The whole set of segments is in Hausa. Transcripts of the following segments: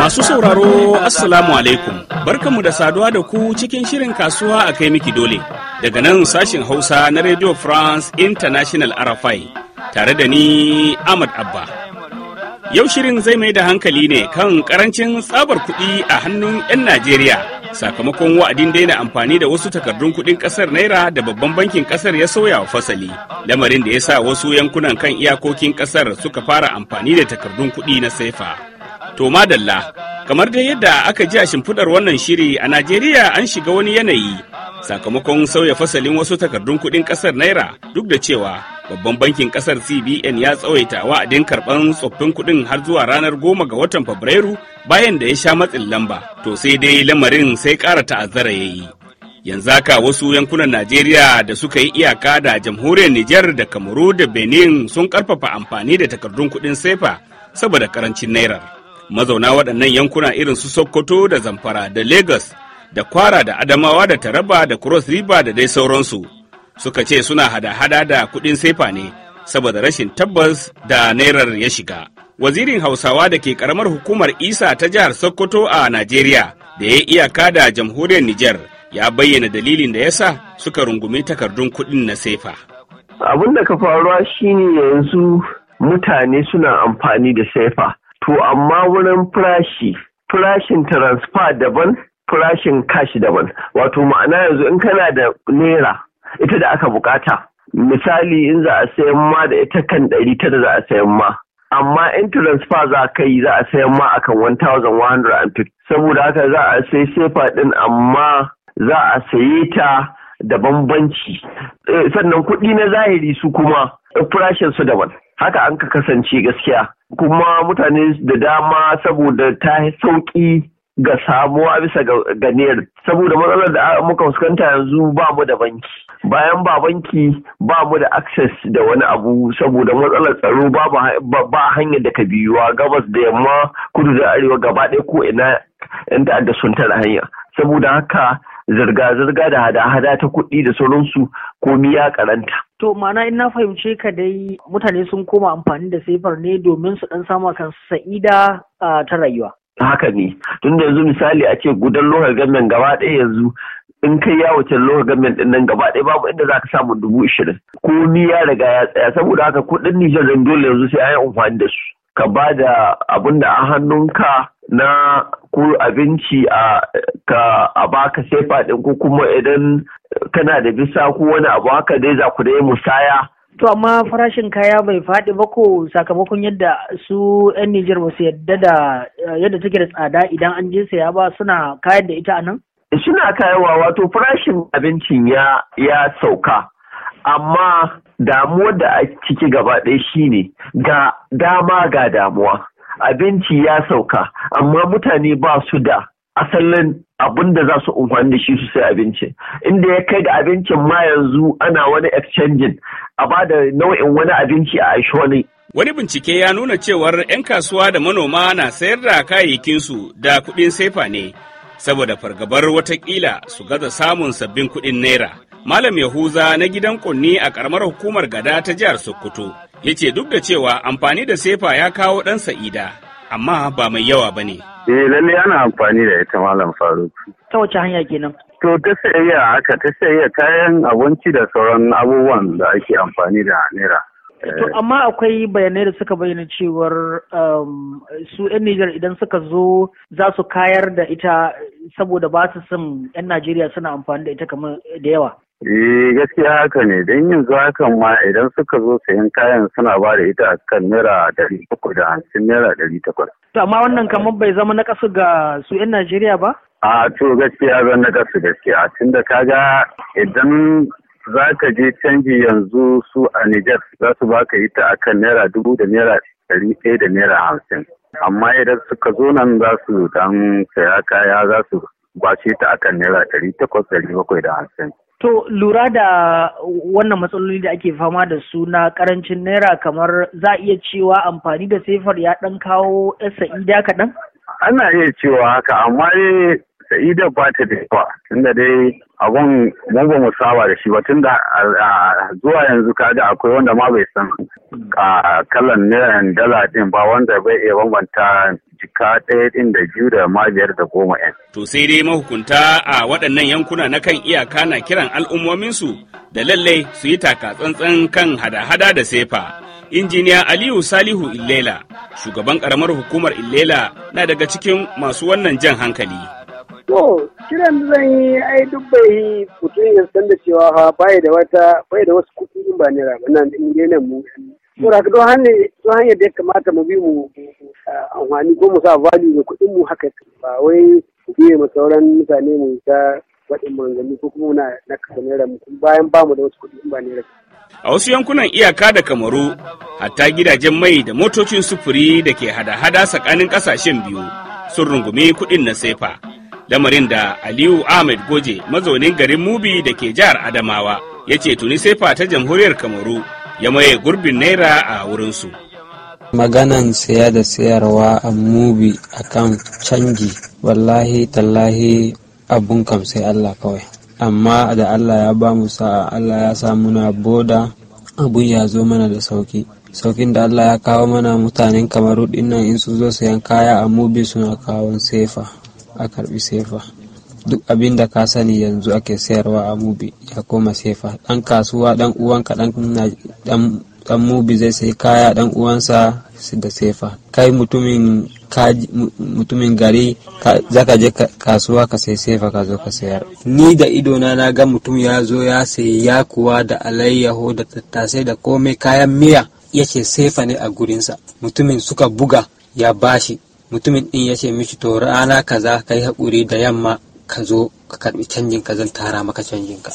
Masu sauraro Assalamu alaikum, barkanmu da saduwa da ku cikin shirin kasuwa a kai miki dole daga nan sashin Hausa na Radio France International RFI tare da ni Ahmad Abba. Yau shirin zai mai da hankali ne kan karancin tsabar kuɗi a hannun 'yan Najeriya sakamakon wa'adin daina amfani da wasu takardun kuɗin ƙasar Naira da babban bankin ƙasar ya sauya wa fasali. Lamarin da ya sa wasu yankunan kan iyakokin ƙasar suka fara amfani da takardun kuɗi na sefa. To madalla, kamar dai yadda aka ji a shimfiɗar wannan shiri a Najeriya an shiga wani yanayi sakamakon sauya fasalin wasu takardun kuɗin ƙasar Naira duk da cewa babban bankin kasar cbn ya tsawaita wa'adin karban tsoffin kuɗin har zuwa ranar goma ga watan fabrairu bayan da ya sha matsin lamba to sai dai lamarin sai ƙara ta'azzara ya yi yanzu haka wasu yankunan najeriya da suka yi iyaka da jamhuriyar nijar da kamaru da benin sun ƙarfafa amfani da takardun kuɗin sefa saboda karancin naira, mazauna waɗannan yankuna irin su sokoto da zamfara da lagos da kwara da adamawa da taraba da cross river da dai sauransu suka ce suna hada-hada da kuɗin sefa ne saboda rashin tabbas da nairar ya shiga. Wazirin Hausawa da ke karamar hukumar Isa ta jihar Sokoto a Najeriya da ya iyaka da jamhuriyar Nijar ya bayyana dalilin da ya sa suka rungumi takardun kuɗin na sefa. Abin da ka faruwa shine yanzu mutane suna amfani da sefa. To amma wurin firashi, firashin transfer daban, farashin kashi daban. Wato ma'ana yanzu in kana da naira ita da aka bukata misali in za a sayan ma da ita kan ɗari tara za a sayan ma amma in transfer za ka yi za a sayan ma akan 1150 saboda haka za a sai sefa din amma za a saye ta da bambanci eh, sannan kuɗi na zahiri su kuma farashin su daban haka an ka kasance gaskiya kuma mutane da dama saboda ta sauƙi ga samuwa bisa ga ganiyar saboda matsalar da muka fuskanta yanzu ba mu da banki bayan ba banki ba mu da access da wani abu saboda matsalar tsaro ba hanyar da ka biyuwa gabas da yamma kudu da arewa gaba ɗaya ko ina yan ta'adda sun tara hanya saboda haka zirga-zirga da hada-hada ta kuɗi da sauransu komi ya karanta. To mana in na fahimce ka dai mutane sun koma amfani da sefar ne domin su ɗan sama kan sa'ida ah, ta rayuwa. Haka ne, tunda yanzu misali a ce gudan lokacin gaba ɗaya yanzu in kai ya wuce lokacin government din nan gaba ɗaya babu inda za ka samu dubu ishirin ko ni ya riga ya tsaya saboda haka kuɗin Nijar zan dole yanzu sai an yi amfani da su ka ba da abin da a hannunka na ko abinci a ka a baka sefa din ko kuma idan kana da bisa ko wani abu haka dai za ku dai musaya To amma farashin kaya bai faɗi ba ko sakamakon yadda su 'yan Nijar ba su yadda da yadda take da tsada idan an je saya ba suna kayan da ita a nan? suna kayawa wato farashin abincin ya ya sauka amma damuwar da a ciki gaba ɗaya shine ga dama ga damuwa abinci ya sauka amma mutane ba su da asalin abin da za su amfani da shi su sai abinci inda ya kai da abincin ma yanzu ana wani exchanging a ba da nau'in wani abinci a aishi wani Wani bincike ya nuna cewar 'yan kasuwa da manoma na sayar da kayayyakinsu da kuɗin sefa ne, saboda fargabar watakila su gaza samun sabbin kuɗin naira. Malam Yahuza na gidan kunni a ƙaramar hukumar gada ta jihar Sokoto ya ce duk da cewa amfani da sefa ya kawo ɗan sa'ida, amma ba mai yawa ba ne. Eh lalle ana amfani da ita Malam Faruk. Ta wace hanya kenan? To ta sayayya haka ta sayayya kayan abinci da sauran abubuwan da ake amfani da naira. To eh. amma akwai bayanai da suka bayyana cewar um, su 'yan Nijar idan suka zo za su kayar da ita saboda ba su sun 'yan Najeriya suna amfani da ita kamar da yawa. Eh gaskiya haka ne don yin zuwa kan ma idan suka zo sayan kayan suna ba da ita kan naira dari uku da hamsin naira dari takwas. To amma wannan kamar bai zama na kasu ga su 'yan Najeriya ba? A to gaskiya zan na kasu gaskiya tunda kaga idan za ka je canji yanzu su a Nijar za su baka ita akan naira dubu da naira ɗari ɗaya da naira hamsin. Amma idan suka zo nan za su dan saya kaya za su bace ta akan naira ɗari takwas ɗari bakwai da hamsin. To lura da wannan matsaloli da ake fama da su na karancin naira kamar za a iya cewa amfani da sefar ya ɗan kawo sa'ida kaɗan? Ana iya cewa haka amma sa'ida ba ta da yawa tunda dai abun mun ba saba da shi ba tun da zuwa yanzu kaga akwai wanda ma bai san a kalan naira dala din ba wanda bai iya bambanta jika ɗaya din da biyu da ma biyar da goma yan. To sai dai mahukunta a waɗannan yankuna na kan iyaka na kiran al'ummominsu da lallai su yi taka tsantsan kan hada-hada da sefa. Injiniya Aliyu Salihu Ilela, shugaban ƙaramar hukumar Ilela, na daga cikin masu wannan jan hankali. To, kiran zan yi ai duk bai mutum ya san da cewa ha baya da wata baya da wasu kuɗi ba ne ba nan in ne nan mu. To haka don hannun hanyar da ya kamata mu bi mu amfani ko mu sa value da kuɗin mu haka ba wai biye mu sauran mutane mu ta waɗin manzanni ko kuma na na naira bayan ba mu da wasu kuɗi ba naira. A wasu yankunan iyaka da Kamaru, hatta gidajen mai da motocin sufuri da ke hada-hada tsakanin ƙasashen biyu sun rungumi kuɗin na sefa. lamarin da aliyu ahmed goje mazaunin garin mubi da ke jihar adamawa ya ce tuni sefa ta jamhuriyar kamaru ya maye gurbin naira a wurinsu maganan siya da siyarwa a mubi akan canji wallahi tallahi abun kam sai allah kawai amma da allah ya ba mu sa'a allah ya sa muna boda abun ya zo mana da sauki saukin da allah ya kawo mana mutanen kamaru dinnan in su zo sayan kaya a mubi suna kawon sefa a karbi sefa duk abin da ka sani yanzu ake sayarwa a mubi ya koma sefa dan kasuwa dan uwanka dan dan mubi zai sai kaya dan uwansa da sefa kai mutumin mutumin gari zaka je kasuwa ka sai sefa ka zo ka sayar ni da idona na ga mutum ya zo ya sayi kuwa da alayyaho da tattasai da komai kayan miya yake sefa ne a gurinsa mutumin suka buga ya bashi mutumin din ya ce mishi to rana kaza ka yi haƙuri da yamma ka zo ka karbi canjin ka zan tara maka canjin ka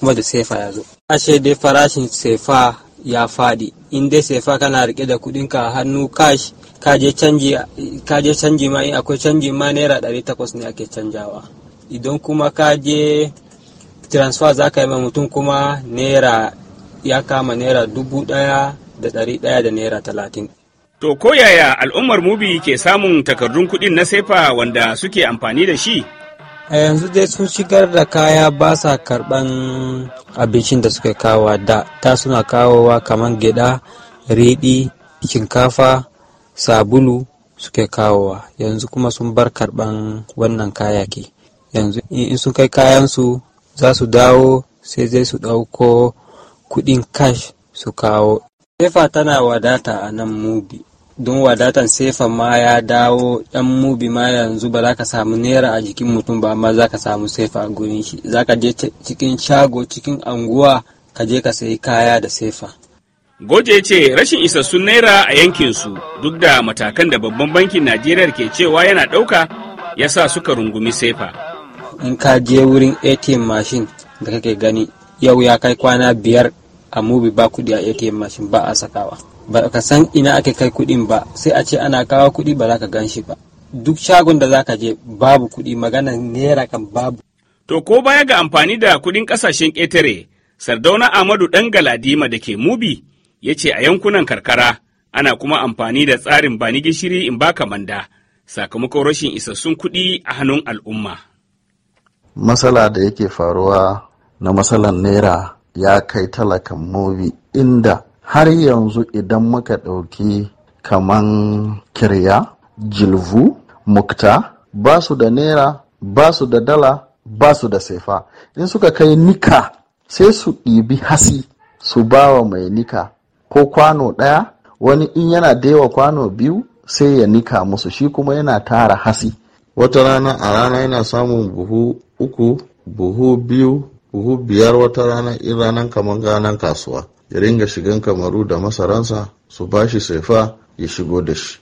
kuma da sefa ya zo ashe dai farashin sefa ya faɗi in dai sefa kana rike da kuɗin ka hannu cash ka je canji ma in akwai canji ma naira ɗari takwas ne ake canjawa idan kuma ka je transfer za ka yi ma mutum kuma naira ya kama naira dubu ɗaya da ɗari ɗaya da naira talatin To koyaya al'ummar mubi ke samun takardun kuɗin na sefa wanda suke amfani da shi? a yanzu dai sun shigar da kaya ba sa karɓan abincin da suke kawo da ta suna kawowa kamar gida riɗi shinkafa sabulu suke kawowa yanzu kuma sun bar karɓan wannan kayaki yanzu in sun kai kayansu za su dawo sai zai su ɗauko kuɗin kash su kawo sefa tana wadata a nan mubi don wadatan sefa ma ya dawo dan mubi ma yanzu ba za ka samu naira a jikin mutum ba amma za ka samu sefa a gurin shi za ka je cikin shago cikin anguwa ka je ka sayi kaya da sefa goje ce rashin isassun naira a yankinsu duk da matakan da babban bankin najeriya ke cewa yana ɗauka ya sa suka rungumi sefa in ka je wurin atm mashin da kake gani yau ya kai kwana biyar a mubi ba kuɗi a ATM mashin ba a sakawa ba ka san ina ake kai kuɗin ba sai a ce ana kawo kuɗi ba za ka gan shi ba duk shagon da za ka je babu kuɗi magana naira kan babu. To ko baya ga amfani da kuɗin ƙasashen ƙetare Sardauna Ahmadu ɗan Galadima da ke mubi ya ce a yankunan karkara ana kuma amfani da tsarin ba ni gishiri in baka manda sakamakon rashin isassun kuɗi a hannun al'umma. Masala da yake faruwa na matsalan naira ya kai talakan mobi inda har yanzu idan muka ɗauki kaman kirya jilvu mukta ba su da naira ba su da dala ba su da saifa in suka kai nika sai su ɗibi hasi su bawa mai nika ko kwano ɗaya wani in yana dewa kwano biyu sai ya nika musu shi kuma yana tara hasi wata rana a rana yana samun buhu uku buhu biyu buhu biyar wata rana in ranar kamar ganan kasuwa ya ringa shigan kamaru da masaransa su bashi saifa ya shigo da shi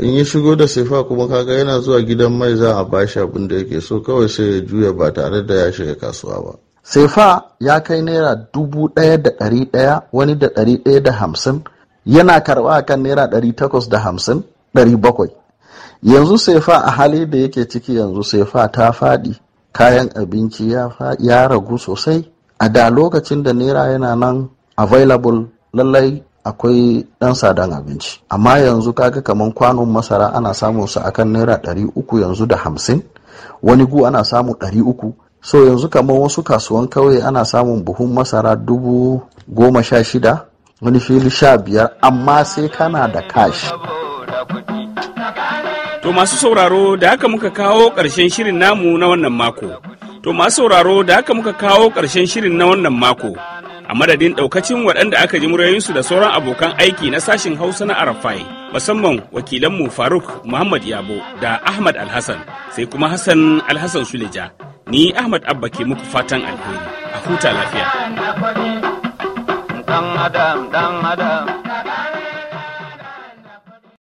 in ya shigo da saifa kuma kaga yana zuwa gidan mai za a bashi abin da yake so kawai sai ya juya ba tare da ya shiga kasuwa ba saifa ya kai naira dubu ɗaya da ɗari ɗaya wani da ɗari ɗaya da hamsin yana karɓa a kan naira ɗari takwas da hamsin ɗari bakwai yanzu saifa a hali da yake ciki yanzu saifa ta faɗi kayan abinci ya ragu sosai a da lokacin da naira yana nan available lallai akwai ɗan sadan abinci amma yanzu kaga kamar kwanon masara ana samun su akan naira ɗari uku yanzu da hamsin wani gu ana samun ɗari uku so yanzu kamar wasu kasuwan kauye ana samun buhun masara dubu goma sha shida wani fili sha biyar amma sai kana da kashi To masu sauraro da haka muka kawo ƙarshen shirin namu na wannan mako. To masu sauraro da haka muka kawo ƙarshen shirin na wannan mako. A madadin ɗaukacin waɗanda aka ji murayensu da sauran abokan aiki na sashin Hausa na Arafai, musamman wakilanmu Faruk Muhammad Yabo da Ahmad Alhassan, sai kuma Hassan Alhassan Suleja. Ni Ahmad Abba ke muku fatan alheri, a huta lafiya.